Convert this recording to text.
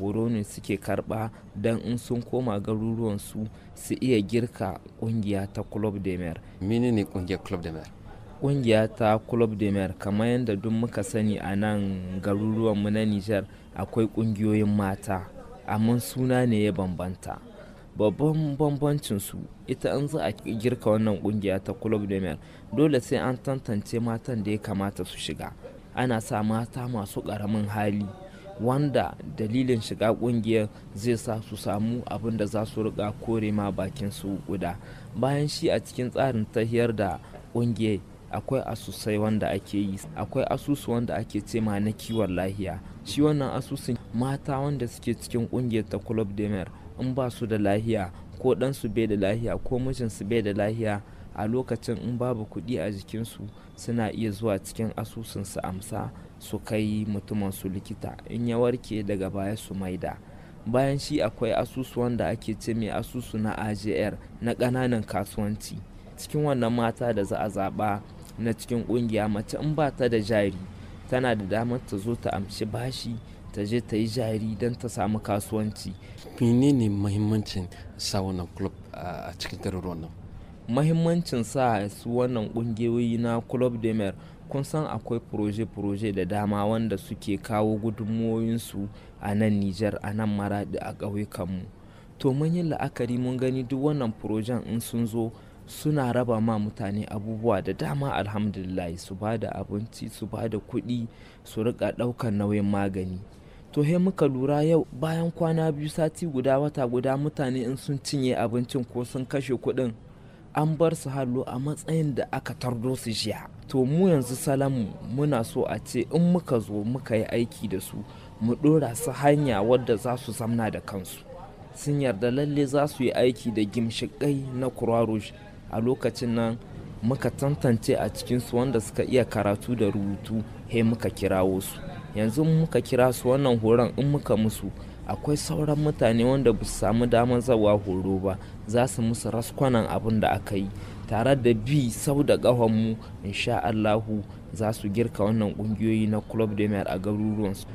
horo ne suke karba don in sun koma garuruwan su iya girka kungiya ta club de mer ne kungiyar club de mer kungiya ta club de mer kamar yadda duk muka sani a nan garuruwanmu na niger akwai kungiyoyin mata amma suna ne ya bambanta babban bambancin su ita an za a girka wannan kungiya ta club de mer dole sai an tantance matan da ya kamata su shiga ana sa mata masu ƙaramin hali wanda dalilin shiga kungiyar zai sa su samu abin da za su riga kore ma bakin su guda bayan shi a cikin tsarin tahiyar da kungiyar akwai asusai wanda ake yi akwai asusu wanda ake ce ma na kiwon lahiya shi wannan asusun mata wanda suke cikin kungiyar ta club demer in ba su da lahiya ko ɗansu bai da lahiya ko mijinsu bai da lahiya a lokacin in babu kuɗi a jikinsu suna iya zuwa cikin asusun su amsa su kai mutumin su likita in ya warke daga baya su maida bayan shi akwai asusu wanda ake ce mai asusu na ajr na ƙananan kasuwanci cikin wannan mata da za a zaɓa na cikin ƙungiya mace in ba ta da jari tana da damar ta zo ta amshi bashi ta je ta yi jari don ta samu kasuwanci menene muhimmancin sa wannan club a cikin garuruwan nan mahimmancin sa su wannan kungiyoyi na club de mer kun san akwai proje-proje da dama wanda suke kawo gudunmoyinsu a nan niger a nan maradi a ƙauyukanmu to mun yi la'akari mun gani duk wannan projen in sun zo suna raba ma mutane abubuwa da dama alhamdulillah su ba da abinci su ba da kuɗi su rika ɗaukar nauyin magani to he muka lura yau bayan kwana biyu sati guda wata guda mutane in sun cinye abincin ko sun kashe kuɗin an bar su hallo a matsayin da aka tardo su jiya to mu yanzu salamu muna so a ce in muka zo muka yi aiki da su mu ɗora su hanya wadda za su zamna da kansu sun yarda lalle za su yi aiki da gimshiƙai na croix a lokacin nan muka tantance a cikinsu wanda suka iya karatu da rubutu he muka kirawo su yanzu muka kira su wannan horon in muka musu akwai sauran mutane wanda ba su samu damar zawa horo ba za su musu raskwanan abin da aka yi tare da bi sau da ƙahonmu insha allahu za su girka wannan ƙungiyoyi na club de a garuruwansu.